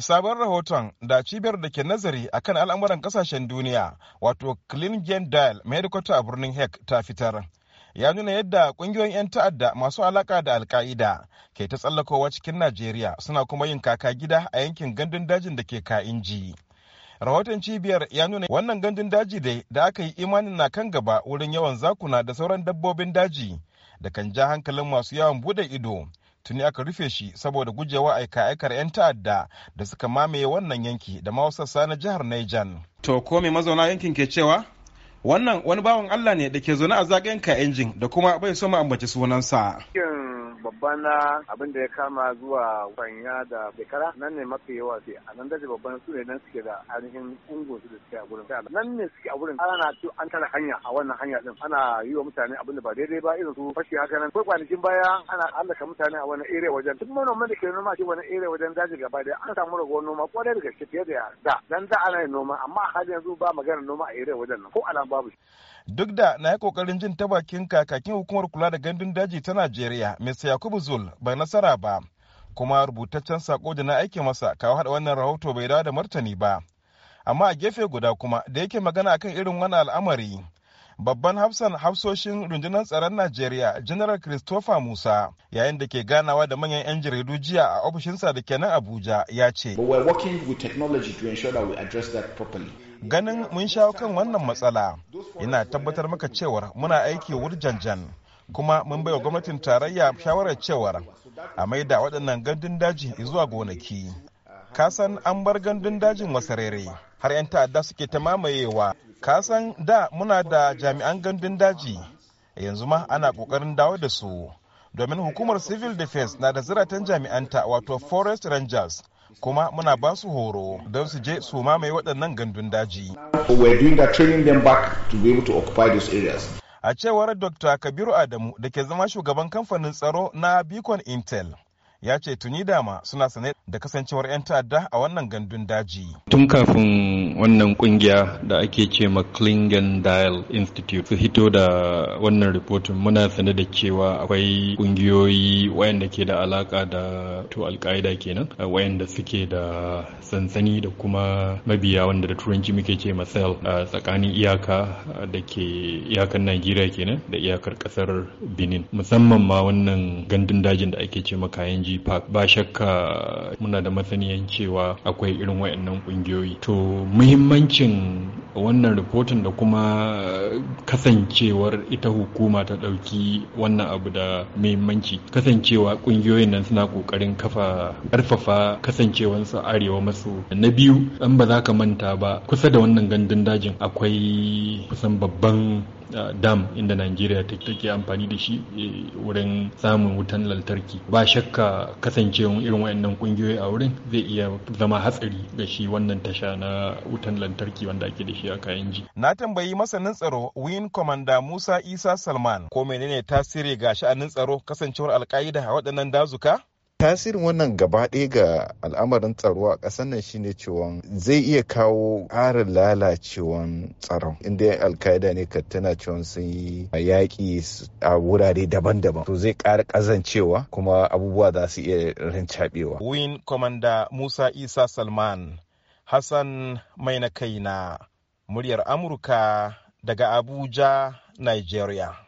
Sabon rahoton da cibiyar da ke nazari a kan al'amuran kasashen duniya wato Clean Dial mai a birnin Hek ta fitar. ya nuna yadda kungiyoyin 'yan ta'adda masu alaka da alka'ida ke ta tsallakowa cikin najeriya suna kuma yin kaka gida a yankin gandun dajin da ke ka inji. rahoton cibiyar ya nuna wannan gandun daji dai da aka yi imanin na kan gaba wurin yawan zakuna da sauran dabbobin daji da kan ja hankalin masu yawon bude ido tuni aka rufe shi saboda gujewa aika-aikar 'yan ta'adda da suka mamaye wannan yanki da sassa na jihar Niger. To ko me mazauna yankin ke cewa? Wannan wani bawan Allah ne da ke zaune a zagayen ka injin da kuma bai so mu ambaci sunansa. Yeah. babba na abin da ya kama zuwa kwanya da bekara nan ne mafi yawa ce a nan daji babban su ne nan suke da ainihin ungun su da suke a gurin nan ne suke a gurin ana ci an tara hanya a wannan hanya din ana yi wa mutane abin da ba daidai ba irin su fashi haka nan kai kwanakin baya ana allaka mutane a wannan area wajen duk manoman da ke noma ce wannan area wajen daji gaba da an samu ragowar noma kwarai da gaske fiye da da dan da ana yin noma amma a yanzu ba magana noma a area wajen nan ko alam babu duk da na yi kokarin jin ta bakin kakakin hukumar kula da gandun daji ta Najeriya Mr. yakubu zul bai nasara ba kuma rubutaccen sako da na aiki masa kawo hada wannan rahoto bai dawo da martani ba amma a gefe guda kuma da yake magana akan irin wani al'amari babban hafsan hafsoshin rundunar tsaron najeriya general christopher musa yayin da ke ganawa da manyan 'yan jaridu jiya a ofishinsa da kenan abuja ya ce ganin mun shawo kan wannan matsala ina tabbatar maka cewar muna aiki wurjanjan kuma mun baiwa gwamnatin tarayya shawarar cewar a da waɗannan gandun daji zuwa gonaki kasan an bar gandun dajin wasarere har 'yan ta'adda suke ta mamayewa kasan da muna da jami'an gandun daji yanzu ma ana ƙoƙarin dawo da su domin hukumar civil defense na da ziratan jami'anta wato forest rangers kuma muna ba su horo don su je su mamaye waɗannan gandun daji. We're doing that training them back to be able to occupy those areas. a cewar dr kabiru adamu da ke zama shugaban kamfanin tsaro na beacon intel ya ce tuni dama suna sane da kasancewar 'yan ta'adda a wannan gandun daji. Tun kafin wannan kungiya da ake ce ma Klingen Dial Institute su hito da wannan ripotin muna sane da cewa akwai kungiyoyi wayanda ke da alaka da to alkaida kenan wayanda suke da sansani da kuma mabiya wanda da turanci muke ce ma a tsakanin iyaka da ke iyakar Najeriya kenan da iyakar kasar Benin musamman ma wannan gandun dajin da ake ce ma kayan Already ba shakka muna da masaniyan cewa akwai irin wayannan kungiyoyi to muhimmancin wannan rahoton da kuma kasancewar ita hukuma ta ɗauki wannan abu da muhimmanci kasancewa kungiyoyin nan suna ƙoƙarin kafa ƙarfafa kasancewansu arewa maso na biyu dan ba za ka manta ba kusa da wannan gandun dajin akwai kusan babban Uh, dam inda Najeriya take amfani da shi eh, wurin samun wutan lantarki ba shakka kasancewa irin wayannan kungiyoyi a wurin zai iya zama hatsari ga shi wannan tasha na wutan lantarki wanda ake da shi a kayan ji na tambayi masanin tsaro win commander Musa Isa Salman ko menene tasiri ga sha'anin tsaro kasancewar alkaida a waɗannan dazuka tasirin wannan gaba ɗaya ga al'amarin tsaro a ƙasar nan shine cewa zai iya kawo ƙarin lalacewan tsaron inda alkaida ne ka tana cewa sun yi yaƙi a wurare daban-daban to zai ƙara ƙazancewa kuma abubuwa za su iya rincaɓewa. win komanda musa isa salman hassan mai na kaina muryar amurka daga abuja nigeria